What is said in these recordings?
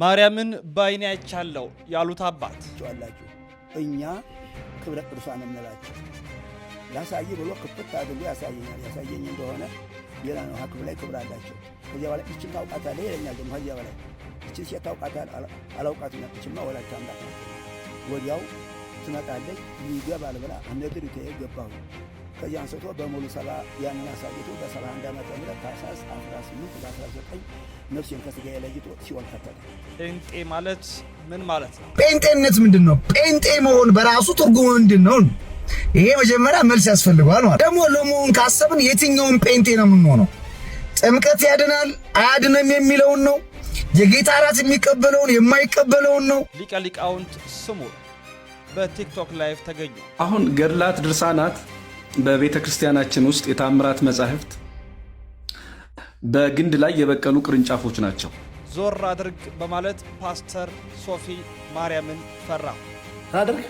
ማርያምን በዓይኔ አይቻለሁ ያሉት አባት ቸዋላችሁ እኛ ክብረ ቅዱሳን እንላቸው ላሳይ ብሎ ክፍት አድርጎ ያሳየኛል። ያሳየኝ እንደሆነ ሌላ ነው። ክብ ላይ ክብር አላቸው። ከዚያ በኋላ እችን ታውቃታለህ ይለኛል። ደግሞ ከዚያ በላይ እችን ሴት ታውቃታለህ? አላውቃትም። እችማ ወላዲተ አምላክ ናት። ወዲያው ትመጣለች ይገባል ብላ እነ ድሪቴ ገባሁ ከዚህ አንስቶ በሙሉ ያንን አሳይቶ በ71 ዓመተ ምህረት ታኅሳስ 18 19 ነፍሴን ለይቶ ሲኦል ከተተ። ጴንጤ ማለት ምን ማለት ነው? ጴንጤነት ምንድን ነው? ጴንጤ መሆን በራሱ ትርጉሙ ምንድን ነው? ይሄ መጀመሪያ መልስ ያስፈልገዋል። ማለት ደግሞ ለመሆን ካሰብን የትኛውን ጴንጤ ነው የምንሆነው? ጥምቀት ያድናል አያድንም የሚለውን ነው? የጌታ እራት የሚቀበለውን የማይቀበለውን ነው? ሊቀ ሊቃውንት በቲክቶክ ላይቭ ተገኙ። አሁን ገድላት ድርሳናት በቤተ ክርስቲያናችን ውስጥ የታምራት መጻሕፍት በግንድ ላይ የበቀሉ ቅርንጫፎች ናቸው። ዞር አድርግ በማለት ፓስተር ሶፊ ማርያምን ፈራ። አድርግ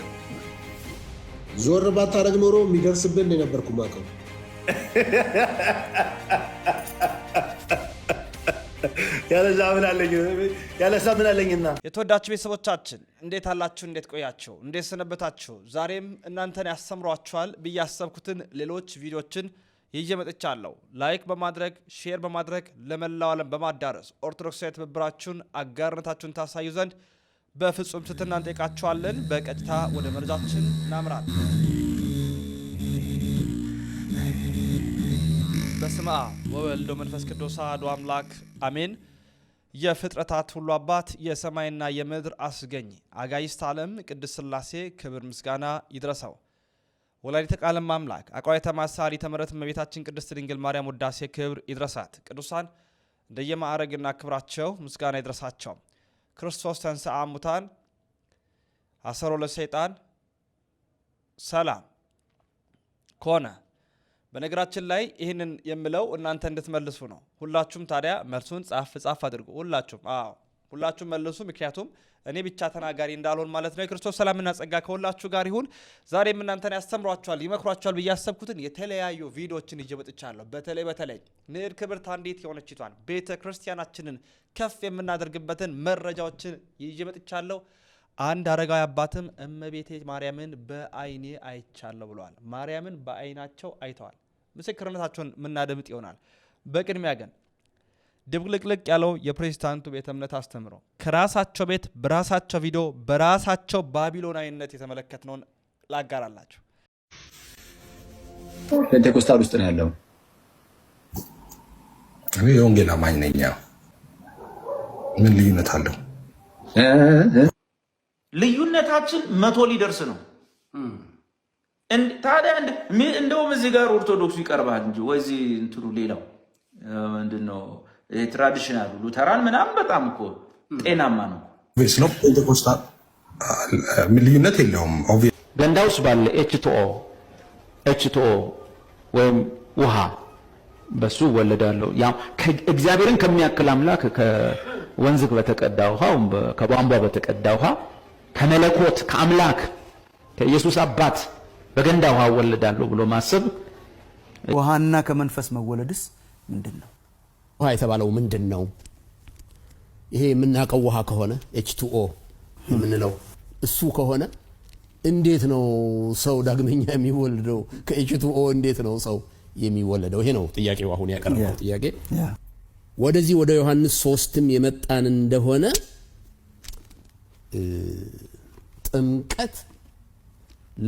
ዞር ባታረግ ኖሮ የሚደርስብን የነበርኩ ማቀው ያለዛ ምን አለኝ ያለዛ ምን አለኝና፣ የተወዳችሁ ቤተሰቦቻችን እንዴት አላችሁ? እንዴት ቆያችሁ? እንዴት ሰነበታችሁ? ዛሬም እናንተን ያስተምሯችኋል ብዬ ያሰብኩትን ሌሎች ቪዲዮችን ይዤ መጥቻለሁ። ላይክ በማድረግ ሼር በማድረግ ለመላው ዓለም በማዳረስ ኦርቶዶክሳዊ ትብብራችሁን አጋርነታችሁን ታሳዩ ዘንድ በፍጹም ትህትና እንጠይቃችኋለን። በቀጥታ ወደ መረጃችን እናምራለን። በስመ አብ ወወልድ ወመንፈስ ቅዱስ አሐዱ አምላክ አሜን። የፍጥረታት ሁሉ አባት የሰማይና የምድር አስገኝ አጋዕዝተ ዓለም ቅድስት ሥላሴ ክብር ምስጋና ይድረሰው። ወላዲተ ቃለ አምላክ አቋየተ ማሳሪ ተመረት እመቤታችን ቅድስት ድንግል ማርያም ውዳሴ ክብር ይድረሳት። ቅዱሳን እንደየማዕረግና ክብራቸው ምስጋና ይድረሳቸው። ክርስቶስ ተንሥአ እሙታን አሰሮ ለሰይጣን ሰላም ኮነ በነገራችን ላይ ይህንን የምለው እናንተ እንድትመልሱ ነው። ሁላችሁም ታዲያ መልሱን ጻፍ ጻፍ አድርጉ። ሁላችሁም አዎ፣ ሁላችሁም መልሱ። ምክንያቱም እኔ ብቻ ተናጋሪ እንዳልሆን ማለት ነው። የክርስቶስ ሰላምና ጸጋ ከሁላችሁ ጋር ይሁን። ዛሬም እናንተን ያስተምሯችኋል፣ ይመክሯችኋል ብዬ ያሰብኩትን የተለያዩ ቪዲዮዎችን ይዤ መጥቻለሁ። በተለይ በተለይ ንዕድ ክብርት አንዲት የሆነችቷን ቤተ ክርስቲያናችንን ከፍ የምናደርግበትን መረጃዎችን ይዤ መጥቻለሁ። አንድ አረጋዊ አባትም እመቤቴ ማርያምን በአይኔ አይቻለሁ ብለዋል። ማርያምን በአይናቸው አይተዋል። ምስክርነታቸውን ምናደምጥ ይሆናል። በቅድሚያ ግን ድብልቅልቅ ያለው የፕሮቴስታንቱ ቤተ እምነት አስተምሮ ከራሳቸው ቤት በራሳቸው ቪዲዮ በራሳቸው ባቢሎናዊነት የተመለከትነውን ላጋራላቸው። ፔንቴኮስታል ውስጥ ነው ያለው። እኔ የወንጌል አማኝ ነኝ። ምን ልዩነት አለው? ልዩነታችን መቶ ሊደርስ ነው። ታዲያ እንደውም እዚህ ጋር ኦርቶዶክሱ ይቀርባል እንጂ ወይዚህ እንትኑ ሌላው ምንድን ነው ትራዲሽናሉ ሉተራን ምናምን በጣም እኮ ጤናማ ነው። ልዩነት የለውም። ገንዳ ውስጥ ባለ ኤችትኦ ኤችትኦ ወይም ውሃ በሱ እወለዳለሁ። እግዚአብሔርን ከሚያክል አምላክ ከወንዝ በተቀዳ ውሃ፣ ከቧንቧ በተቀዳ ውሃ ከመለኮት ከአምላክ ከኢየሱስ አባት በገንዳ ውሃ እወለዳለሁ ብሎ ማሰብ ውሃና ከመንፈስ መወለድስ ምንድን ነው? ውሃ የተባለው ምንድን ነው? ይሄ የምናውቀው ውሃ ከሆነ ኤችቱኦ የምንለው እሱ ከሆነ እንዴት ነው ሰው ዳግመኛ የሚወልደው? ከኤችቱኦ እንዴት ነው ሰው የሚወለደው? ይሄ ነው ጥያቄው። አሁን ያቀረበው ጥያቄ ወደዚህ ወደ ዮሐንስ ሶስትም የመጣን እንደሆነ ጥምቀት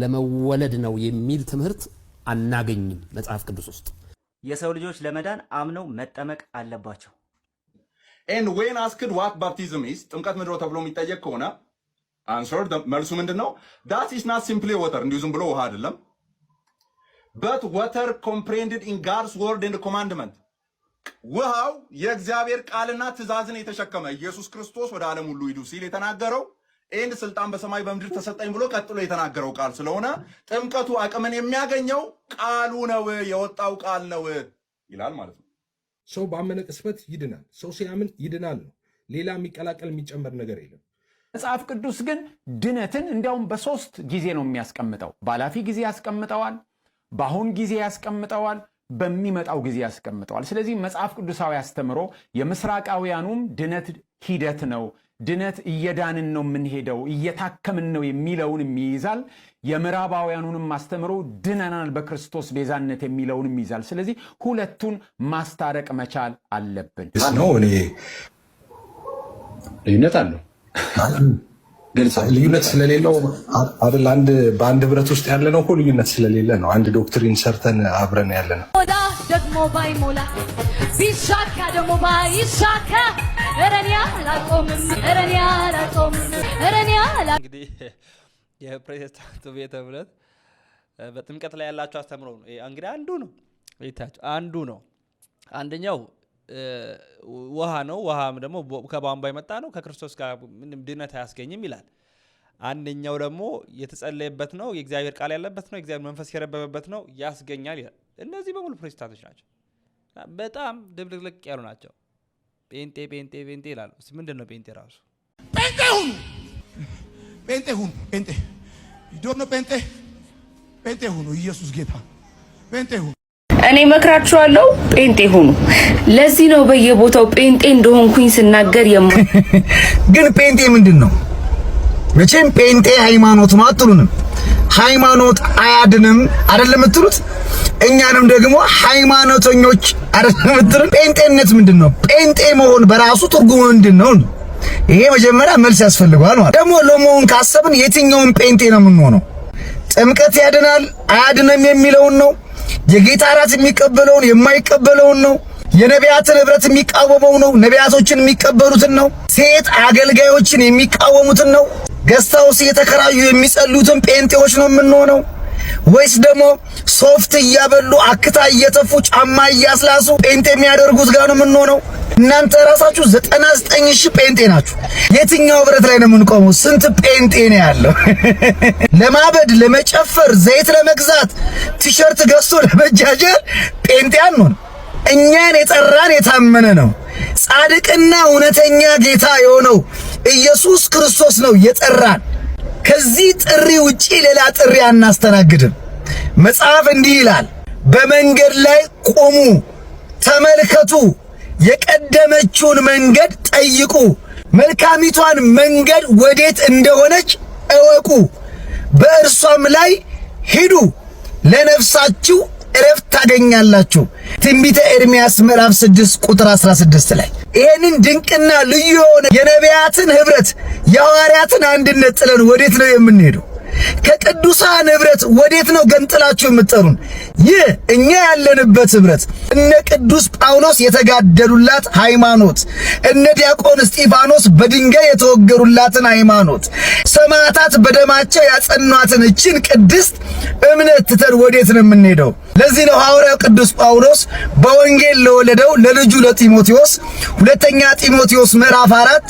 ለመወለድ ነው የሚል ትምህርት አናገኝም መጽሐፍ ቅዱስ ውስጥ። የሰው ልጆች ለመዳን አምነው መጠመቅ አለባቸው። ኤንድ ዌን አስክድ ዋት ባፕቲዝም ኢዝ ጥምቀት ምድሮ ተብሎ የሚጠየቅ ከሆነ አንሰር መልሱ ምንድን ነው? ዳት ኢዝ ናት ሲምፕሊ ወተር፣ እንዲሁ ዝም ብሎ ውሃ አይደለም። በት ወተር ኮምፕሬንድድ ኢን ጋድስ ወርድ ኤንድ ኮማንድመንት ውሃው የእግዚአብሔር ቃልና ትእዛዝን የተሸከመ ኢየሱስ ክርስቶስ ወደ ዓለም ሁሉ ሂዱ ሲል የተናገረው ይህን ስልጣን በሰማይ በምድር ተሰጠኝ ብሎ ቀጥሎ የተናገረው ቃል ስለሆነ ጥምቀቱ አቅምን የሚያገኘው ቃሉ ነው፣ የወጣው ቃል ነው ይላል ማለት ነው። ሰው ባመነ ቅስፈት ይድናል። ሰው ሲያምን ይድናል ነው። ሌላ የሚቀላቀል የሚጨመር ነገር የለም። መጽሐፍ ቅዱስ ግን ድነትን እንዲያውም በሶስት ጊዜ ነው የሚያስቀምጠው። በኃላፊ ጊዜ ያስቀምጠዋል፣ በአሁን ጊዜ ያስቀምጠዋል፣ በሚመጣው ጊዜ ያስቀምጠዋል። ስለዚህ መጽሐፍ ቅዱሳዊ አስተምሮ የምስራቃውያኑም ድነት ሂደት ነው ድነት እየዳንን ነው የምንሄደው፣ እየታከምን ነው የሚለውንም ይይዛል። የምዕራባውያኑንም አስተምሮ ድነናል በክርስቶስ ቤዛነት የሚለውንም ይይዛል። ስለዚህ ሁለቱን ማስታረቅ መቻል አለብን። ልዩነት አለው። ልዩነት ስለሌለው አይደል? በአንድ ህብረት ውስጥ ያለ ነው እኮ ልዩነት ስለሌለ ነው። አንድ ዶክትሪን ሰርተን አብረን ያለ ነው። ደግሞ ባይሞላ ቢሳካ ደግሞ ባይሳካ እንግዲህ የፕሮቴስታንቱ ቤተ እምነት በጥምቀት ላይ ያላቸው አስተምሮ ነው። እንግዲህ አንዱ ነው ታቸው አንዱ ነው። አንደኛው ውሃ ነው። ውሃም ደግሞ ከቧንቧ የመጣ ነው። ከክርስቶስ ጋር ምንም ድነት አያስገኝም ይላል። አንደኛው ደግሞ የተጸለየበት ነው። የእግዚአብሔር ቃል ያለበት ነው። የእግዚአብሔር መንፈስ የረበበበት ነው። ያስገኛል ይላል። እነዚህ በሙሉ ፕሮቴስታንቶች ናቸው። በጣም ድብልቅልቅ ያሉ ናቸው። ጴንጤ ጴንጤ ጴንጤ ይላሉ። ምንድን ነው ጴንጤ ራሱ? ጴንጤ ሁኑ፣ ጴንጤ ሁኑ፣ ጴንጤ ጴንጤ ጴንጤ ሁኑ። ኢየሱስ ጌታ ጴንጤ ሁኑ። እኔ መክራችኋለሁ፣ ጴንጤ ሁኑ። ለዚህ ነው በየቦታው ጴንጤ እንደሆንኩኝ ስናገር የማ ግን ጴንጤ ምንድን ነው? መቼም ጴንጤ ሃይማኖት ነው አትሉንም ሃይማኖት አያድንም አይደለም የምትሉት? እኛንም ደግሞ ሃይማኖተኞች አይደለም የምትሉን? ጴንጤነት ምንድን ነው? ጴንጤ መሆን በራሱ ትርጉሙ ምንድን ነው? ይሄ መጀመሪያ መልስ ያስፈልገዋል። ማለት ደግሞ ለመሆን ካሰብን የትኛውን ጴንጤ ነው የምንሆነው? ጥምቀት ያድናል አያድንም የሚለውን ነው። የጌታ እራት የሚቀበለውን የማይቀበለውን ነው። የነቢያትን ህብረት የሚቃወመው ነው። ነቢያቶችን የሚቀበሉትን ነው። ሴት አገልጋዮችን የሚቃወሙትን ነው። ገዝታውስ እየተከራዩ የሚጸሉትን ጴንጤዎች ነው የምንሆነው? ወይስ ደግሞ ሶፍት እያበሉ አክታ እየተፉ ጫማ እያስላሱ ጴንጤ የሚያደርጉት ጋር ነው የምንሆነው? እናንተ ራሳችሁ ዘጠና ዘጠኝ ሺህ ጴንጤ ናችሁ። የትኛው ብረት ላይ ነው የምንቆመው? ስንት ጴንጤ ነው ያለው? ለማበድ ለመጨፈር፣ ዘይት ለመግዛት፣ ቲሸርት ገዝቶ ለመጃጀር ጴንጤ አንሆን። እኛን የጠራን የታመነ ነው ጻድቅና እውነተኛ ጌታ የሆነው ኢየሱስ ክርስቶስ ነው የጠራን። ከዚህ ጥሪ ውጪ ሌላ ጥሪ አናስተናግድም። መጽሐፍ እንዲህ ይላል፣ በመንገድ ላይ ቁሙ፣ ተመልከቱ፣ የቀደመችውን መንገድ ጠይቁ፣ መልካሚቷን መንገድ ወዴት እንደሆነች እወቁ፣ በእርሷም ላይ ሂዱ፣ ለነፍሳችሁ እረፍት ታገኛላችሁ። ትንቢተ ኤርምያስ ምዕራፍ 6 ቁጥር 16 ላይ ይህንን ድንቅና ልዩ የሆነ የነቢያትን ህብረት የሐዋርያትን አንድነት ጥለን ወዴት ነው የምንሄደው? ከቅዱሳን ህብረት ወዴት ነው ገንጥላችሁ የምትጠሩን? ይህ እኛ ያለንበት ህብረት እነ ቅዱስ ጳውሎስ የተጋደሉላት ሃይማኖት፣ እነ ዲያቆን እስጢፋኖስ በድንጋይ የተወገሩላትን ሃይማኖት፣ ሰማዕታት በደማቸው ያጸኗትን እችን ቅድስት እምነት ትተን ወዴት ነው የምንሄደው? ለዚህ ነው ሐዋርያው ቅዱስ ጳውሎስ በወንጌል ለወለደው ለልጁ ለጢሞቴዎስ ሁለተኛ ጢሞቴዎስ ምዕራፍ አራት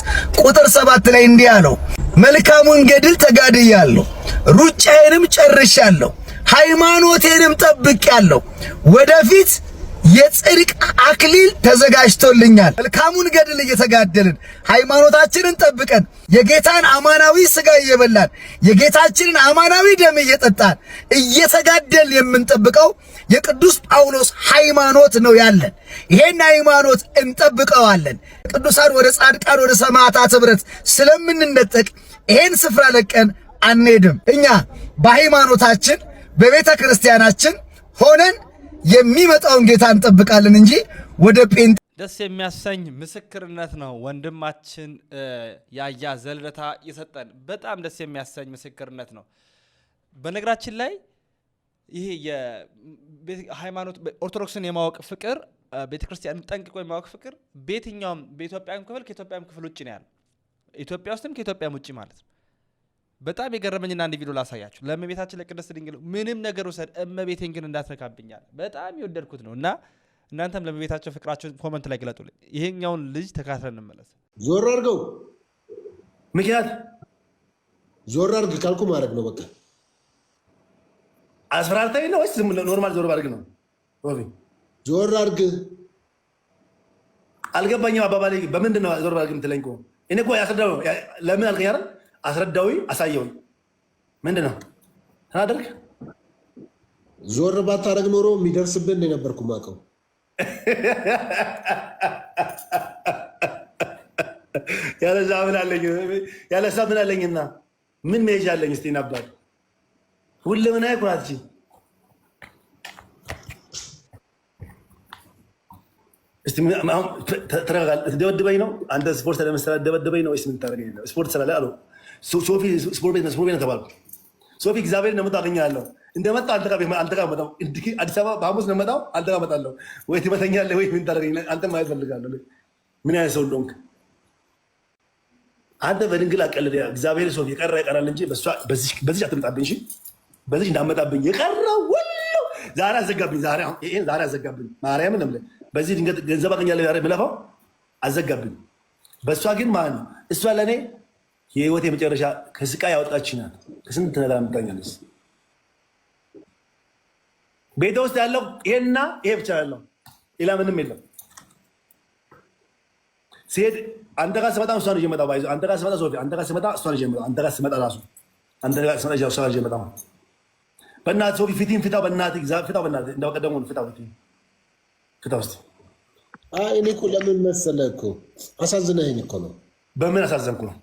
ቁጥር ሰባት ላይ እንዲህ አለው፣ መልካሙን ገድል ተጋድያለሁ ሩጫዬንም ጨርሻለሁ፣ ሃይማኖቴንም ጠብቄያለሁ። ወደፊት የጽድቅ አክሊል ተዘጋጅቶልኛል። መልካሙን ገድል እየተጋደልን ሃይማኖታችንን ጠብቀን የጌታን አማናዊ ስጋ እየበላን የጌታችንን አማናዊ ደም እየጠጣን እየተጋደል የምንጠብቀው የቅዱስ ጳውሎስ ሃይማኖት ነው ያለን። ይሄን ሃይማኖት እንጠብቀዋለን። ቅዱሳን ወደ ጻድቃን ወደ ሰማዕታት ኅብረት ስለምንነጠቅ ይሄን ስፍራ ለቀን አንሄድም። እኛ በሃይማኖታችን በቤተ ክርስቲያናችን ሆነን የሚመጣውን ጌታ እንጠብቃለን እንጂ ወደ ጴንጤ ደስ የሚያሰኝ ምስክርነት ነው ወንድማችን ያያ ዘልደታ የሰጠን። በጣም ደስ የሚያሰኝ ምስክርነት ነው። በነገራችን ላይ ይሄ ሃይማኖት ኦርቶዶክስን የማወቅ ፍቅር፣ ቤተክርስቲያንን ጠንቅቆ የማወቅ ፍቅር በየትኛውም በኢትዮጵያም ክፍል ከኢትዮጵያም ክፍል ውጭ ነው ያለ ኢትዮጵያ ውስጥም ከኢትዮጵያም ውጭ ማለት ነው። በጣም የገረመኝና አንድ ቪዲዮ ላሳያችሁ። ለእመቤታችን ለቅድስት ድንግል ምንም ነገር ውሰድ፣ እመቤቴን ግን እንዳትነካብኛል። በጣም የወደድኩት ነው እና እናንተም ለእመቤታቸው ፍቅራችሁን ኮመንት ላይ ግለጡልኝ። ይሄኛውን ልጅ ተካትለን እንመለስ። ዞር አድርገው ምክንያት ዞር አድርግ ካልኩ ማድረግ ነው በቃ። አስፈራርታኝ ነው ወይስ ዝም ኖርማል ዞር ባድርግ ነው? ዞር አድርግ አልገባኝም። አባባሌ በምንድን ነው ዞር አድርግ የምትለኝ? እኔ እኮ ያስረዳ ለምን አልከኝ አይደል አስረዳዊ አሳየውኝ። ምንድን ነው ተናደርግ? ዞር ባታደርግ ኖሮ የሚደርስብን የነበርኩ ማቀው ያለዛ ምን አለኝ አለኝና ምን መሄጃ አለኝ? እስኪ ነበር ሁለምን አይኩናት ተደበድበኝ ነው አንተ ስፖርት ስለመስራት ደበደበኝ ነው ወይስ ምን ታደርገኝ ነው? ስፖርት ስላለ አሉ ሶፊ ስፖርት ቤት ስፖርት ቤት ተባልኩ። ሶፊ እግዚአብሔር እንደመጣ አገኛለሁ። እንደመጣ አልተቀመጠም። አዲስ አበባ በሐሙስ እንደመጣው አልተቀመጣለሁ። ወይ ትመተኛለህ ወይ ምን ታደርገኛለህ? አንተ ማየት ፈልጋለሁ። ምን አይነት ሰው እንደሆንክ አንተ በድንግል አቀልድ። እግዚአብሔር ሶፊ የቀረ ይቀራል እንጂ በዚህ አትመጣብኝ። እሺ በዚህ እንዳመጣብኝ የቀረው ሁሉ ዛሬ አዘጋብኝ። ዛሬ ዛሬ አዘጋብኝ። ማርያምን እምልህ በዚህ ድንገት ገንዘብ አገኛለሁ ብለህ ለፋው አዘጋብኝ። በእሷ ግን ማለት ነው እሷ ለእኔ የህይወት የመጨረሻ ከስቃይ ያወጣችናል። ከስንት ነገር አምጣኛለች። ቤተ ውስጥ ያለው ይሄና ይሄ ብቻ ያለው ሌላ ምንም የለም። ሲሄድ አንተ ጋር ስመጣ እሷን ይዤ እመጣ፣ አንተ ጋር ስመጣ ሶፊ፣ አንተ ጋር ስመጣ እሷን ይዤ እመጣ፣ አንተ ጋር ስመጣ ራሱ አንተ ጋር ስመጣ እሷን ይዤ እመጣ። በእናትህ ሶፊ ፊትህን ፍታው፣ በእናትህ ፍታው፣ በእናትህ እንዳው ቀደሙ ፍታው፣ ፊትህን ፍታው ውስጥ አይ እኔ እኮ ለምን መሰለህ እኮ አሳዝነኸኝ እኮ ነው። በምን አሳዘንኩ ነው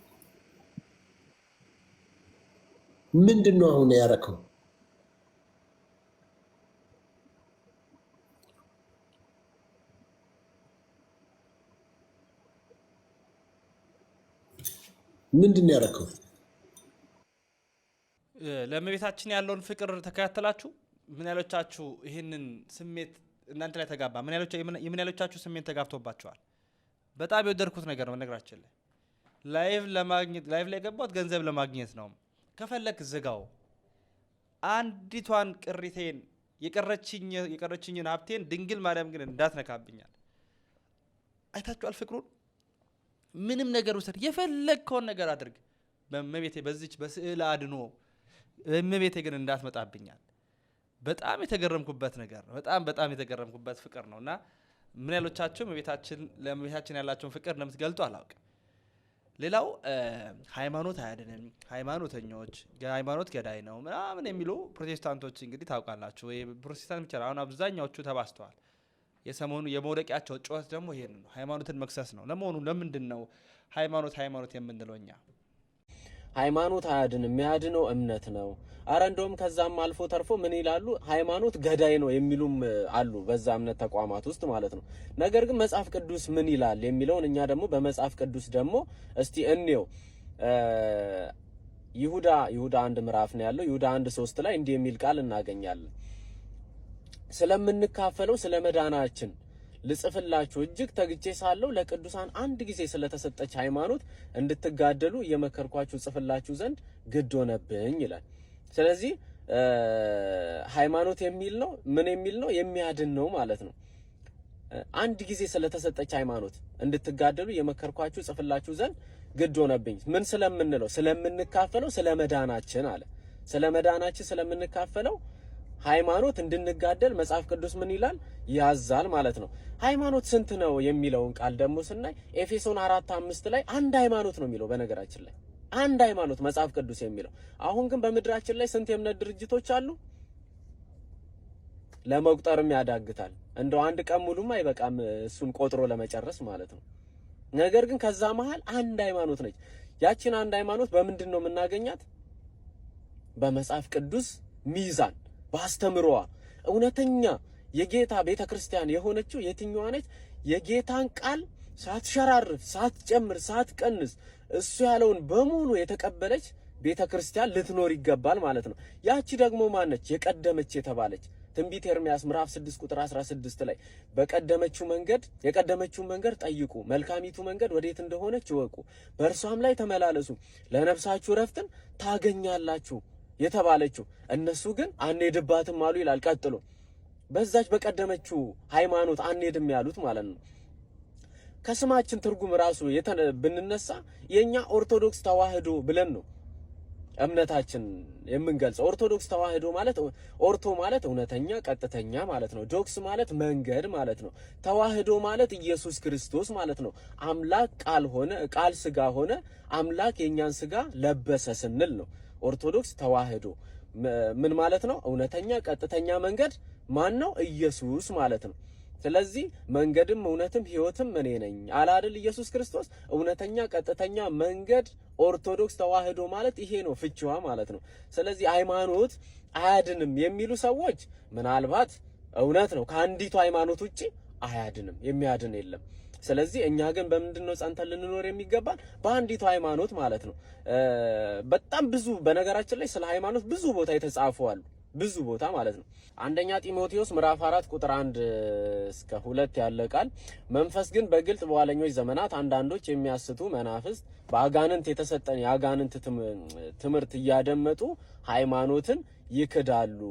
ምንድን ነው አሁን ያረከው? ምንድን ነው ያረከው? ለእመቤታችን ያለውን ፍቅር ተከታተላችሁ? ምን ያሎቻችሁ ይህንን ስሜት እናንተ ላይ ተጋባ? የምን ያሎቻችሁ ስሜት ተጋብቶባቸዋል? በጣም የወደድኩት ነገር ነው። ነገራችን ላይ ላይቭ ላይ የገባት ገንዘብ ለማግኘት ነው ከፈለክ ዝጋው። አንዲቷን ቅሪቴን የቀረችኝን ሀብቴን ድንግል ማርያም ግን እንዳትነካብኛል። አይታችኋል ፍቅሩን። ምንም ነገር ውሰድ፣ የፈለግከውን ነገር አድርግ በእመቤቴ በዚች በስዕል አድኖ እመቤቴ ግን እንዳትመጣብኛል። በጣም የተገረምኩበት ነገር ነው። በጣም በጣም የተገረምኩበት ፍቅር ነው እና ምን ያሎቻችሁ እመቤታችን ለእመቤታችን ያላቸውን ፍቅር እንደምትገልጡ አላውቅም። ሌላው ሃይማኖት አያድንም፣ ሃይማኖተኞች ሃይማኖት ገዳይ ነው ምናምን የሚሉ ፕሮቴስታንቶች እንግዲህ ታውቃላችሁ። ፕሮቴስታንት ብቻ አሁን አብዛኛዎቹ ተባስተዋል። የሰሞኑ የመውደቂያቸው ጩኸት ደግሞ ይሄን ነው፣ ሃይማኖትን መክሰስ ነው። ለመሆኑ ለምንድን ነው ሃይማኖት ሃይማኖት የምንለው እኛ? ሃይማኖት አያድን፣ የሚያድነው እምነት ነው። አረ እንደውም ከዛም አልፎ ተርፎ ምን ይላሉ? ሃይማኖት ገዳይ ነው የሚሉም አሉ፣ በዛ እምነት ተቋማት ውስጥ ማለት ነው። ነገር ግን መጽሐፍ ቅዱስ ምን ይላል የሚለውን እኛ ደግሞ በመጽሐፍ ቅዱስ ደግሞ እስቲ እንየው። ይሁዳ ይሁዳ አንድ ምዕራፍ ነው ያለው። ይሁዳ አንድ ሶስት ላይ እንዲህ የሚል ቃል እናገኛለን ስለምንካፈለው ስለ መዳናችን ልጽፍላችሁ እጅግ ተግቼ ሳለሁ ለቅዱሳን አንድ ጊዜ ስለተሰጠች ሃይማኖት እንድትጋደሉ እየመከርኳችሁ ጽፍላችሁ ዘንድ ግድ ሆነብኝ ይላል። ስለዚህ ሃይማኖት የሚል ነው ምን የሚል ነው? የሚያድን ነው ማለት ነው። አንድ ጊዜ ስለተሰጠች ሃይማኖት እንድትጋደሉ እየመከርኳችሁ ጽፍላችሁ ዘንድ ግድ ሆነብኝ። ምን ስለምንለው? ስለምንካፈለው፣ ስለ መዳናችን አለ። ስለ መዳናችን ስለምንካፈለው ሃይማኖት እንድንጋደል መጽሐፍ ቅዱስ ምን ይላል ያዛል ማለት ነው። ሃይማኖት ስንት ነው የሚለውን ቃል ደግሞ ስናይ ኤፌሶን አራት አምስት ላይ አንድ ሃይማኖት ነው የሚለው በነገራችን ላይ አንድ ሃይማኖት መጽሐፍ ቅዱስ የሚለው አሁን ግን በምድራችን ላይ ስንት የእምነት ድርጅቶች አሉ ለመቁጠርም ያዳግታል። እንደው አንድ ቀን ሙሉም አይበቃም እሱን ቆጥሮ ለመጨረስ ማለት ነው። ነገር ግን ከዛ መሀል አንድ ሃይማኖት ነች። ያችን አንድ ሃይማኖት በምንድን ነው የምናገኛት? በመጽሐፍ ቅዱስ ሚዛን ባስተምሯ እውነተኛ የጌታ ቤተ ክርስቲያን የሆነችው የትኛዋ ነች? የጌታን ቃል ሳትሸራርፍ፣ ሳትጨምር፣ ሳትቀንስ እሱ ያለውን በሙሉ የተቀበለች ቤተ ክርስቲያን ልትኖር ይገባል ማለት ነው። ያቺ ደግሞ ማነች? የቀደመች የተባለች ትንቢት ኤርምያስ ምዕራፍ 6 ቁጥር 16 ላይ በቀደመችው መንገድ የቀደመችው መንገድ ጠይቁ፣ መልካሚቱ መንገድ ወዴት እንደሆነች ይወቁ፣ በእርሷም ላይ ተመላለሱ፣ ለነፍሳችሁ ረፍትን ታገኛላችሁ የተባለችው። እነሱ ግን አንሄድባትም አሉ ይላል ቀጥሎ። በዛች በቀደመችው ሃይማኖት አንሄድም ያሉት ማለት ነው። ከስማችን ትርጉም ራሱ ብንነሳ የኛ ኦርቶዶክስ ተዋህዶ ብለን ነው እምነታችን የምንገልጸው። ኦርቶዶክስ ተዋህዶ ማለት ኦርቶ ማለት እውነተኛ ቀጥተኛ ማለት ነው። ዶክስ ማለት መንገድ ማለት ነው። ተዋህዶ ማለት ኢየሱስ ክርስቶስ ማለት ነው። አምላክ ቃል ሆነ ቃል ስጋ ሆነ አምላክ የእኛን ስጋ ለበሰ ስንል ነው። ኦርቶዶክስ ተዋህዶ ምን ማለት ነው? እውነተኛ ቀጥተኛ መንገድ ማን ነው? ኢየሱስ ማለት ነው። ስለዚህ መንገድም እውነትም ህይወትም እኔ ነኝ አላድል ኢየሱስ ክርስቶስ እውነተኛ ቀጥተኛ መንገድ ኦርቶዶክስ ተዋህዶ ማለት ይሄ ነው፣ ፍቺዋ ማለት ነው። ስለዚህ ሃይማኖት አያድንም የሚሉ ሰዎች ምናልባት እውነት ነው፣ ከአንዲቱ ሃይማኖት ውጪ አያድንም፣ የሚያድን የለም። ስለዚህ እኛ ግን በምንድን ነው ጸንተን ልንኖር የሚገባን? በአንዲቱ ሃይማኖት ማለት ነው። በጣም ብዙ በነገራችን ላይ ስለ ሃይማኖት ብዙ ቦታ የተጻፉ አሉ። ብዙ ቦታ ማለት ነው። አንደኛ ጢሞቴዎስ ምዕራፍ 4 ቁጥር 1 እስከ 2 ያለ ቃል መንፈስ ግን በግልጥ በኋለኞች ዘመናት አንዳንዶች የሚያስቱ መናፍስት በአጋንንት የተሰጠን የአጋንንት ትምህርት እያደመጡ ሃይማኖትን ይክዳሉ፣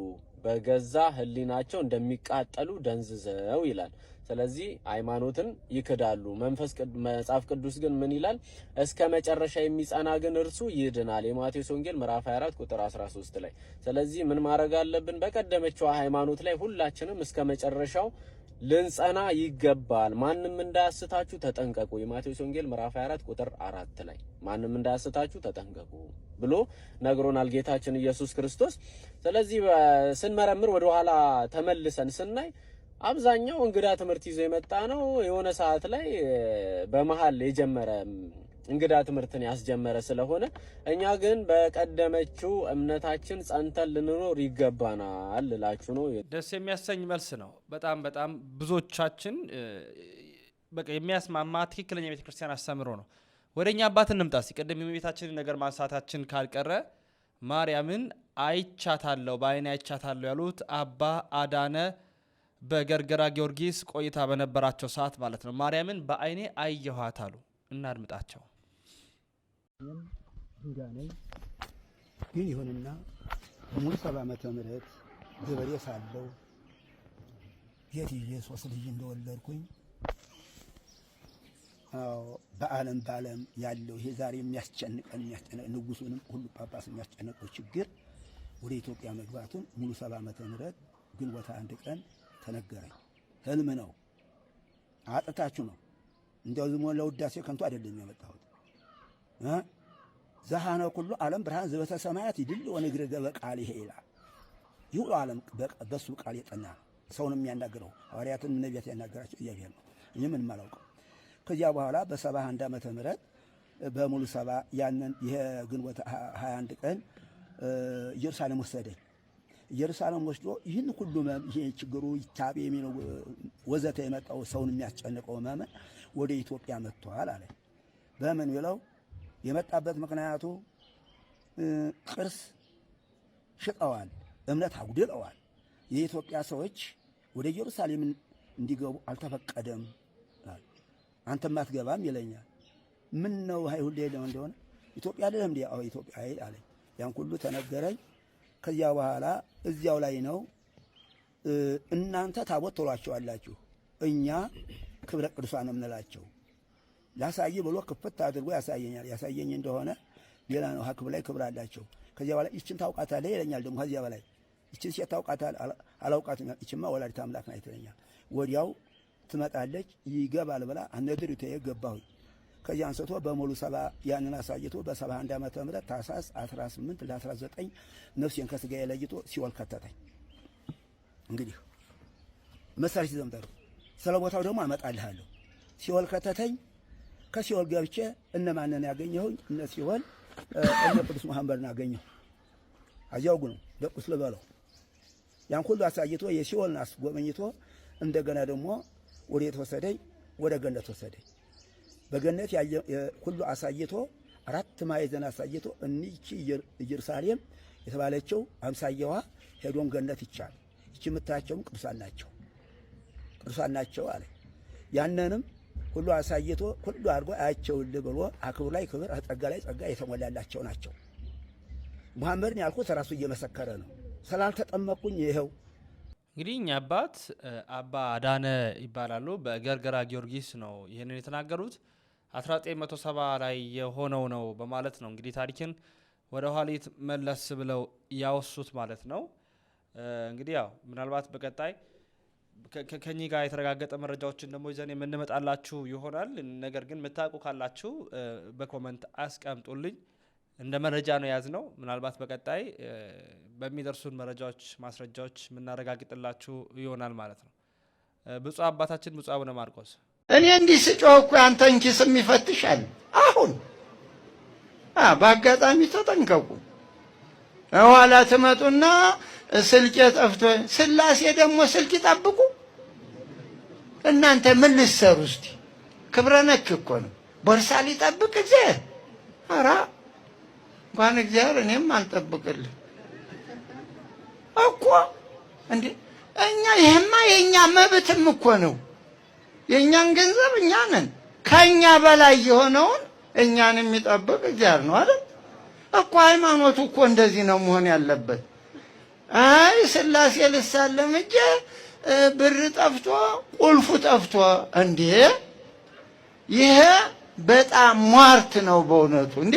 በገዛ ሕሊናቸው እንደሚቃጠሉ ደንዝዘው ይላል። ስለዚህ ሃይማኖትን ይክዳሉ። መንፈስ መጽሐፍ ቅዱስ ግን ምን ይላል? እስከ መጨረሻ የሚጸና ግን እርሱ ይድናል። የማቴዎስ ወንጌል ምዕራፍ 24 ቁጥር 13 ላይ። ስለዚህ ምን ማድረግ አለብን? በቀደመችው ሃይማኖት ላይ ሁላችንም እስከ መጨረሻው ልንጸና ይገባል። ማንም እንዳያስታችሁ ተጠንቀቁ። የማቴዎስ ወንጌል ምዕራፍ 24 ቁጥር 4 ላይ ማንም እንዳያስታችሁ ተጠንቀቁ ብሎ ነግሮናል ጌታችን ኢየሱስ ክርስቶስ። ስለዚህ ስንመረምር ወደኋላ ተመልሰን ስናይ አብዛኛው እንግዳ ትምህርት ይዞ የመጣ ነው። የሆነ ሰዓት ላይ በመሀል የጀመረ እንግዳ ትምህርትን ያስጀመረ ስለሆነ እኛ ግን በቀደመችው እምነታችን ጸንተን ልንኖር ይገባናል ልላችሁ ነው። ደስ የሚያሰኝ መልስ ነው። በጣም በጣም ብዙዎቻችን በቃ የሚያስማማ ትክክለኛ ቤተክርስቲያን አስተምሮ ነው። ወደ እኛ አባት እንምጣ። ሲቀደም የቤታችንን ነገር ማንሳታችን ካልቀረ ማርያምን አይቻታለሁ በአይኔ አይቻታለሁ ያሉት አባ አዳነ በገርገራ ጊዮርጊስ ቆይታ በነበራቸው ሰዓት ማለት ነው። ማርያምን በአይኔ አየኋት አሉ። እናድምጣቸው። ድንጋ ነኝ ግን ይሁንና ሙሉ ሰባ ዓመተ ምህረት ገበሬ ሳለው የትዬ ሶስት ልጅ እንደወለድኩኝ በዓለም በዓለም ያለው ይሄ ዛሬ የሚያስጨንቀን የሚያስጨንቀን ንጉሱንም ሁሉ ጳጳስ የሚያስጨነቀው ችግር ወደ ኢትዮጵያ መግባቱን ሙሉ ሰባ ዓመተ ምህረት ግንቦት አንድ ቀን ተነገረኝ። ህልም ነው። አጥታችሁ ነው። እንዲያው ዝም ለውዳሴ ከንቱ አይደለም የመጣሁት። ዘሃነ ኩሉ ዓለም ብርሃን ዘበተ ሰማያት ይድል ወንግር በቃል ይሄ ይላል። ይሁሉ ዓለም በሱ ቃል የጠና ሰውን የሚያናግረው ሐዋርያትን ነቢያት ያናገራቸው እግዚአብሔር ነው። እኔ ምንም አላውቅም። ከዚያ በኋላ በሰባ አንድ ዓመተ ምህረት በሙሉ ሰባ ያንን ይሄ ግንቦት 21 ቀን ኢየሩሳሌም ወሰደኝ። ኢየሩሳሌም ወስዶ ይህን ሁሉ ይሄ ችግሩ ይታቤ የሚለው ወዘተ የመጣው ሰውን የሚያስጨንቀው መመን ወደ ኢትዮጵያ መጥቷል አለ። በምን ይለው የመጣበት ምክንያቱ ቅርስ ሽጠዋል፣ እምነት አጉድለዋል። የኢትዮጵያ ሰዎች ወደ ኢየሩሳሌም እንዲገቡ አልተፈቀደም። አንተ ማትገባም ይለኛል። ምን ነው አይሁድ እንደሆነ ኢትዮጵያ ደለም እንዴ? አዎ ኢትዮጵያ አለኝ። ያን ሁሉ ተነገረኝ። ከዚያ በኋላ እዚያው ላይ ነው እናንተ ታቦት ትሏቸዋላችሁ፣ እኛ ክብረ ቅዱሳን እምንላቸው። ላሳይ ብሎ ክፍት አድርጎ ያሳየኛል። ያሳየኝ እንደሆነ ሌላ ነው። ሀክብ ላይ ክብር አላቸው። ከዚያ በኋላ ይችን ታውቃታለህ ይለኛል። ደግሞ ከዚያ በላይ ይችን ሴት ታውቃታል አላውቃት፣ ይችማ ወላዲተ አምላክ ናት ይለኛል። ወዲያው ትመጣለች ይገባል ብላ አነድር ተየ ገባሁኝ ከዚያ አንስቶ በሙሉ ሰባ ያንን አሳይቶ በ71 ዓመተ ምህረት ታኅሳስ 18 ለ19 ነፍሴን ከስጋ ለይቶ ሲወል ከተተኝ። እንግዲህ መሳሪያ ሲዘምጠሩ ስለ ቦታው ደግሞ አመጣልሃለሁ። ሲወል ከተተኝ። ከሲወል ገብቼ እነማንን ያገኘሁኝ? እነ ሲወል እነ ቅዱስ መሐመድን አገኘሁ። አዚያው ግን ደቁስ ልበለው ያን ሁሉ አሳይቶ የሲኦልን አስጎበኝቶ እንደገና ደግሞ ወደ የተወሰደኝ ወደ ገነት ወሰደኝ። በገነት ሁሉ አሳይቶ አራት ማዕዘን አሳይቶ እኒቺ ኢየሩሳሌም የተባለችው አምሳየዋ ሄዶን ገነት ይቻል ይቺ የምታያቸውም ቅዱሳን ናቸው ቅዱሳን ናቸው አለ። ያንንም ሁሉ አሳይቶ ሁሉ አድርጎ አያቸውል ብሎ አክብር ላይ ክብር ጸጋ ላይ ጸጋ የተሞላላቸው ናቸው። መሐመድን ያልኩት ራሱ እየመሰከረ ነው። ስላልተጠመቅኩኝ ይኸው እንግዲህ እኛ አባት አባ አዳነ ይባላሉ። በገርገራ ጊዮርጊስ ነው ይህንን የተናገሩት። 1970 ላይ የሆነው ነው በማለት ነው እንግዲህ ታሪክን ወደ ኋሊት መለስ ብለው ያወሱት ማለት ነው። እንግዲህ ያው ምናልባት በቀጣይ ከኚህ ጋር የተረጋገጠ መረጃዎችን ደግሞ ይዘን የምንመጣላችሁ ይሆናል። ነገር ግን የምታውቁ ካላችሁ በኮመንት አስቀምጡልኝ። እንደ መረጃ ነው ነው። ምናልባት በቀጣይ በሚደርሱን መረጃዎች፣ ማስረጃዎች የምናረጋግጥላችሁ ይሆናል ማለት ነው። ብፁዕ አባታችን ብፁዕ አቡነ ማርቆስ እኔ እንዲህ ስጮህ እኮ አንተን ኪስም ይፈትሻል። አሁን በአጋጣሚ ተጠንቀቁ። በኋላ ትመጡና ስልቄ ጠፍቶ ስላሴ ደግሞ ስልክ ይጠብቁ። እናንተ ምን ልትሰሩ እስቲ? ክብረ ነክ እኮ ነው። ቦርሳ ሊጠብቅ እግዚአብሔር። ኧረ እንኳን እግዚአብሔር እኔም አልጠብቅልህ እኮ እንዴ! እኛ ይህማ የእኛ መብትም እኮ ነው። የእኛን ገንዘብ እኛ ነን። ከእኛ በላይ የሆነውን እኛን የሚጠብቅ እግዚአብሔር ነው አይደል? እኮ ሃይማኖቱ እኮ እንደዚህ ነው መሆን ያለበት። አይ ስላሴ ልሳለም እጄ ብር ጠፍቶ ቁልፉ ጠፍቶ እንዴ! ይሄ በጣም ሟርት ነው በእውነቱ። እንዴ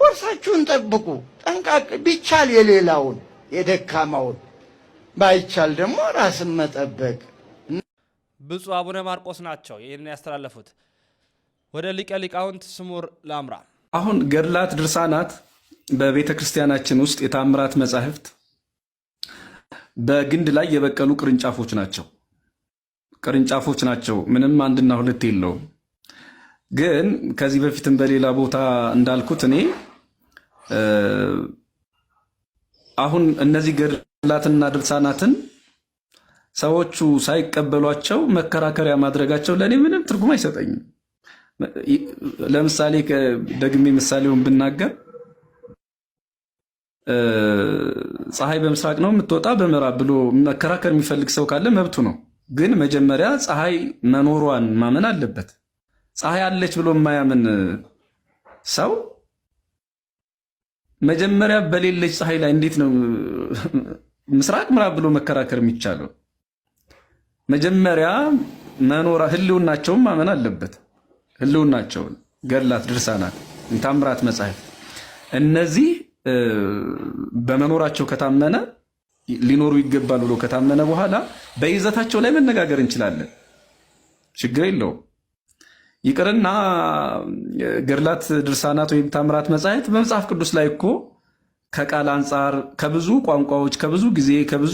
ቦርሳችሁን ጠብቁ፣ ጠንቃቅ ቢቻል የሌላውን የደካማውን ባይቻል ደግሞ ራስን መጠበቅ ብፁዕ አቡነ ማርቆስ ናቸው ይህን ያስተላለፉት። ወደ ሊቀ ሊቃውንት ስሙር ላምራ። አሁን ገድላት፣ ድርሳናት በቤተ ክርስቲያናችን ውስጥ የታምራት መጻሕፍት በግንድ ላይ የበቀሉ ቅርንጫፎች ናቸው። ቅርንጫፎች ናቸው። ምንም አንድና ሁለት የለውም። ግን ከዚህ በፊትም በሌላ ቦታ እንዳልኩት እኔ አሁን እነዚህ ገድላትና ድርሳናትን ሰዎቹ ሳይቀበሏቸው መከራከሪያ ማድረጋቸው ለእኔ ምንም ትርጉም አይሰጠኝም። ለምሳሌ ደግሜ ምሳሌውን ብናገር ፀሐይ በምስራቅ ነው የምትወጣ በምዕራብ ብሎ መከራከር የሚፈልግ ሰው ካለ መብቱ ነው። ግን መጀመሪያ ፀሐይ መኖሯን ማመን አለበት። ፀሐይ አለች ብሎ የማያምን ሰው መጀመሪያ በሌለች ፀሐይ ላይ እንዴት ነው ምስራቅ ምዕራብ ብሎ መከራከር የሚቻለው? መጀመሪያ መኖራ ህልውናቸውን ማመን አለበት። ህልውናቸውን ገላት፣ ድርሳናት፣ እንታምራት መጽሐፍ እነዚህ በመኖራቸው ከታመነ ሊኖሩ ይገባል ብሎ ከታመነ በኋላ በይዘታቸው ላይ መነጋገር እንችላለን። ችግር የለውም። ይቅርና ገድላት፣ ድርሳናት ወይም ታምራት፣ መጻሕፍት በመጽሐፍ ቅዱስ ላይ እኮ ከቃል አንጻር ከብዙ ቋንቋዎች ከብዙ ጊዜ ከብዙ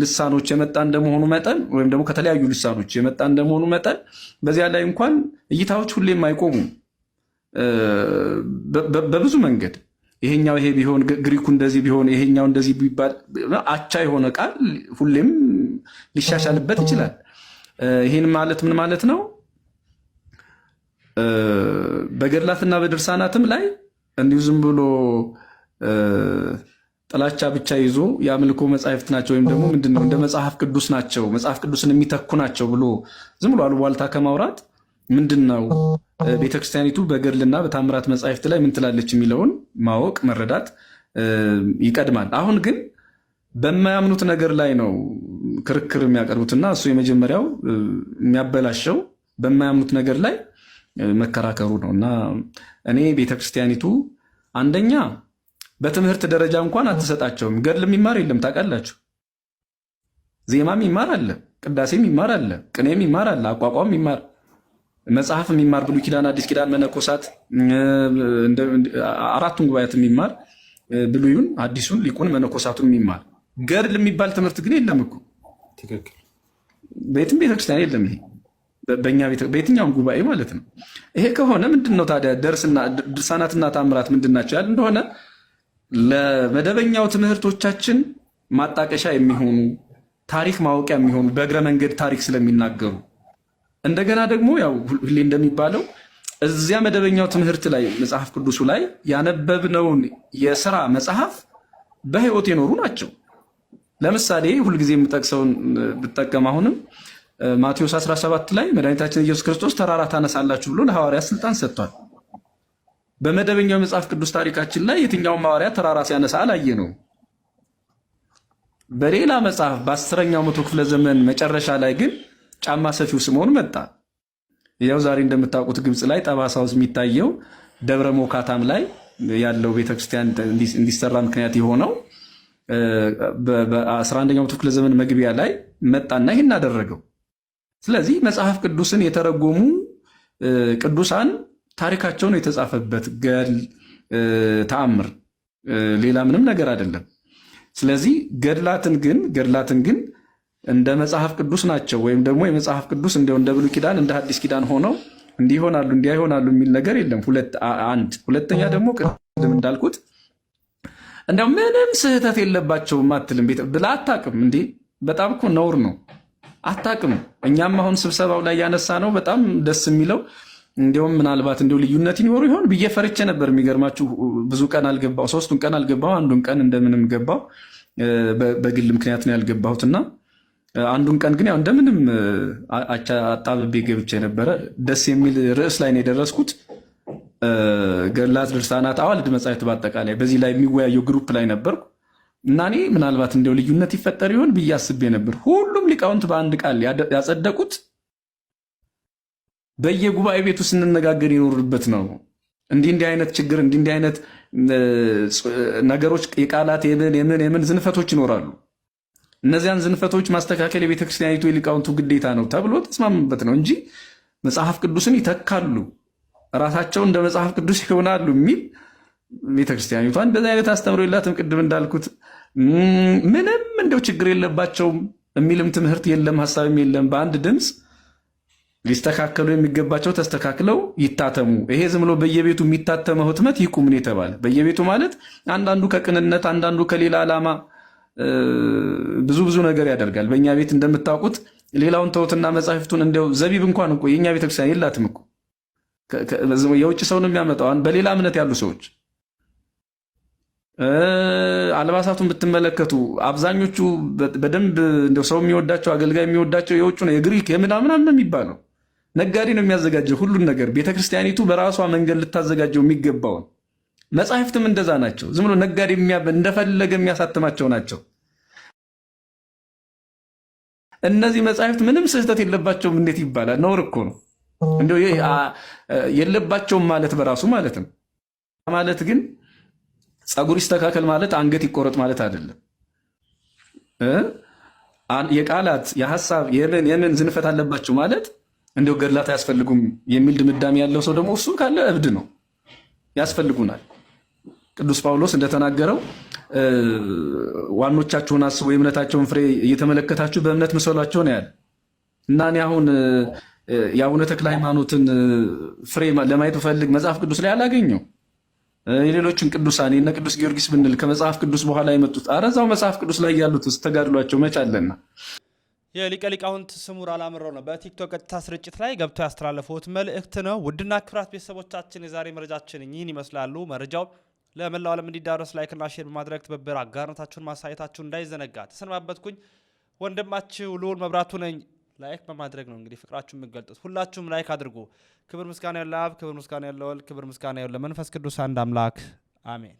ልሳኖች የመጣ እንደመሆኑ መጠን ወይም ደግሞ ከተለያዩ ልሳኖች የመጣ እንደመሆኑ መጠን በዚያ ላይ እንኳን እይታዎች ሁሌም አይቆሙም። በብዙ መንገድ ይሄኛው ይሄ ቢሆን ግሪኩ እንደዚህ ቢሆን ይሄኛው እንደዚህ ቢባል አቻ የሆነ ቃል ሁሌም ሊሻሻልበት ይችላል። ይህን ማለት ምን ማለት ነው? በገድላትና በድርሳናትም ላይ እንዲሁ ዝም ብሎ ጥላቻ ብቻ ይዞ የአምልኮ መጽሐፍት ናቸው ወይም ደግሞ ምንድን ነው እንደ መጽሐፍ ቅዱስ ናቸው መጽሐፍ ቅዱስን የሚተኩ ናቸው ብሎ ዝም ብሎ አሉባልታ ከማውራት ምንድን ነው ቤተክርስቲያኒቱ በገድልና በታምራት መጽሐፍት ላይ ምን ትላለች የሚለውን ማወቅ መረዳት ይቀድማል። አሁን ግን በማያምኑት ነገር ላይ ነው ክርክር የሚያቀርቡትና እሱ የመጀመሪያው የሚያበላሸው በማያምኑት ነገር ላይ መከራከሩ ነው እና እኔ ቤተክርስቲያኒቱ አንደኛ በትምህርት ደረጃ እንኳን አትሰጣቸውም። ገድል የሚማር የለም ታውቃላችሁ። ዜማ የሚማር አለ፣ ቅዳሴ የሚማር አለ፣ ቅኔ የሚማር አለ፣ አቋቋም ሚማር መጽሐፍ የሚማር ብሉይ ኪዳን፣ አዲስ ኪዳን፣ መነኮሳት አራቱን ጉባኤት የሚማር ብሉዩን፣ አዲሱን፣ ሊቁን፣ መነኮሳቱን የሚማር ገድል የሚባል ትምህርት ግን የለም እኮ ቤትም ቤተክርስቲያን የለም። ይሄ በእኛ በየትኛውም ጉባኤ ማለት ነው። ይሄ ከሆነ ምንድን ነው ታዲያ? ድርሳናትና ታምራት ምንድን ናቸው ያል እንደሆነ ለመደበኛው ትምህርቶቻችን ማጣቀሻ የሚሆኑ ታሪክ ማወቂያ የሚሆኑ በእግረ መንገድ ታሪክ ስለሚናገሩ እንደገና ደግሞ ያው ሁሌ እንደሚባለው እዚያ መደበኛው ትምህርት ላይ መጽሐፍ ቅዱሱ ላይ ያነበብነውን የስራ መጽሐፍ በህይወት የኖሩ ናቸው። ለምሳሌ ሁልጊዜ የምጠቅሰውን ብጠቀም አሁንም ማቴዎስ 17 ላይ መድኃኒታችን ኢየሱስ ክርስቶስ ተራራ ታነሳላችሁ ብሎ ለሐዋርያት ስልጣን ሰጥቷል። በመደበኛው መጽሐፍ ቅዱስ ታሪካችን ላይ የትኛው ሐዋርያ ተራራ ሲያነሳ አላየ ነው። በሌላ መጽሐፍ በአስረኛው መቶ ክፍለ ዘመን መጨረሻ ላይ ግን ጫማ ሰፊው ስምዖን መጣ። ያው ዛሬ እንደምታውቁት ግብፅ ላይ ጠባሳው የሚታየው ደብረ ሞካታም ላይ ያለው ቤተክርስቲያን እንዲሰራ ምክንያት የሆነው በ11ኛው መቶ ክፍለ ዘመን መግቢያ ላይ መጣና ይህን አደረገው። ስለዚህ መጽሐፍ ቅዱስን የተረጎሙ ቅዱሳን ታሪካቸውን የተጻፈበት ገድል ተአምር፣ ሌላ ምንም ነገር አይደለም። ስለዚህ ገድላትን ግን ገድላትን ግን እንደ መጽሐፍ ቅዱስ ናቸው ወይም ደግሞ የመጽሐፍ ቅዱስ እንዲያው እንደ ብሉይ ኪዳን እንደ ሐዲስ ኪዳን ሆነው እንዲህ እንዲያይሆናሉ የሚል ነገር የለም። አንድ ሁለተኛ ደግሞ ቅድም እንዳልኩት እንዲያው ምንም ስህተት የለባቸውም አትልም ቤት ብላ አታቅም። እንዲህ በጣም እኮ ነውር ነው። አታቅም። እኛም አሁን ስብሰባው ላይ ያነሳ ነው በጣም ደስ የሚለው እንዲሁም ምናልባት እንዲሁ ልዩነት ይኖሩ ይሆን ብዬ ፈርቼ ነበር። የሚገርማችሁ ብዙ ቀን አልገባው፣ ሶስቱን ቀን አልገባው፣ አንዱን ቀን እንደምንም ገባው። በግል ምክንያት ነው ያልገባሁት እና አንዱን ቀን ግን ያው እንደምንም አጣብቤ ገብቼ ነበረ። ደስ የሚል ርዕስ ላይ ነው የደረስኩት። ገላት ድርሳናት፣ አዋልድ መጻሕፍት በአጠቃላይ በዚህ ላይ የሚወያየው ግሩፕ ላይ ነበርኩ እና እኔ ምናልባት እንዲያው ልዩነት ይፈጠር ይሆን ብዬ አስቤ ነበር። ሁሉም ሊቃውንት በአንድ ቃል ያጸደቁት በየጉባኤ ቤቱ ስንነጋገር ይኖርበት ነው። እንዲህ እንዲህ አይነት ችግር እንዲህ እንዲህ አይነት ነገሮች የቃላት የምን የምን የምን ዝንፈቶች ይኖራሉ። እነዚያን ዝንፈቶች ማስተካከል የቤተ ክርስቲያኒቱ የሊቃውንቱ ግዴታ ነው ተብሎ ተስማምበት ነው እንጂ መጽሐፍ ቅዱስን ይተካሉ፣ ራሳቸው እንደ መጽሐፍ ቅዱስ ይሆናሉ የሚል ቤተ ክርስቲያኒቷ እንደዚህ አይነት አስተምሮ የላትም። ቅድም እንዳልኩት ምንም እንደው ችግር የለባቸውም የሚልም ትምህርት የለም፣ ሀሳብም የለም። በአንድ ድምፅ ሊስተካከሉ የሚገባቸው ተስተካክለው ይታተሙ። ይሄ ዝም ብሎ በየቤቱ የሚታተመው ህትመት ይቁምን የተባለ። በየቤቱ ማለት አንዳንዱ ከቅንነት፣ አንዳንዱ ከሌላ ዓላማ ብዙ ብዙ ነገር ያደርጋል። በእኛ ቤት እንደምታውቁት ሌላውን ተውትና መጽሐፍቱን እንዲያው ዘቢብ እንኳን እኮ የእኛ ቤተክርስቲያን የላትም እኮ የውጭ ሰው ነው የሚያመጣው። በሌላ እምነት ያሉ ሰዎች አልባሳቱን ብትመለከቱ አብዛኞቹ በደንብ ሰው የሚወዳቸው አገልጋይ የሚወዳቸው የውጭ ነው የግሪክ የምናምናም ነው የሚባለው። ነጋዴ ነው የሚያዘጋጀው ሁሉን ነገር። ቤተክርስቲያኒቱ በራሷ መንገድ ልታዘጋጀው የሚገባውን መጽሐፍትም እንደዛ ናቸው። ዝም ብሎ ነጋዴ እንደፈለገ የሚያሳትማቸው ናቸው። እነዚህ መጽሐፍት ምንም ስህተት የለባቸውም። እንዴት ይባላል? ነውር እኮ ነው። እንዲ የለባቸውም ማለት በራሱ ማለት ነው። ማለት ግን ጸጉር ይስተካከል ማለት አንገት ይቆረጥ ማለት አይደለም። የቃላት የሀሳብ የምን የምን ዝንፈት አለባቸው ማለት እንደው ገድላት አያስፈልጉም የሚል ድምዳሜ ያለው ሰው ደግሞ እሱ ካለ እብድ ነው። ያስፈልጉናል። ቅዱስ ጳውሎስ እንደተናገረው ዋኖቻችሁን አስቡ፣ የእምነታቸውን ፍሬ እየተመለከታችሁ በእምነት ምሰሏቸው ነው ያለ እና እኔ አሁን የአቡነ ተክለ ሃይማኖትን ፍሬ ለማየት ፈልግ መጽሐፍ ቅዱስ ላይ አላገኘው። የሌሎችን ቅዱሳን የነ ቅዱስ ጊዮርጊስ ብንል ከመጽሐፍ ቅዱስ በኋላ የመጡት አረዛው መጽሐፍ ቅዱስ ላይ ያሉት ተጋድሏቸው መች አለና የሊቀ ሊቃውንት ስሙር አላምረው ነው በቲክቶክ ቀጥታ ስርጭት ላይ ገብቶ ያስተላለፉት መልእክት ነው። ውድና ክብራት ቤተሰቦቻችን የዛሬ መረጃችን ይህን ይመስላሉ። መረጃው ለመላው ዓለም እንዲዳረስ ላይክና ሼር በማድረግ ትብብር አጋርነታችሁን ማሳየታችሁን እንዳይዘነጋ። ተሰነባበትኩኝ። ወንድማችሁ ልዑል መብራቱ ነኝ። ላይክ በማድረግ ነው እንግዲህ ፍቅራችሁ የምገልጡት። ሁላችሁም ላይክ አድርጉ። ክብር ምስጋና ያለ አብ፣ ክብር ምስጋና ያለ ወልድ፣ ክብር ምስጋና ያለ መንፈስ ቅዱስ አንድ አምላክ አሜን።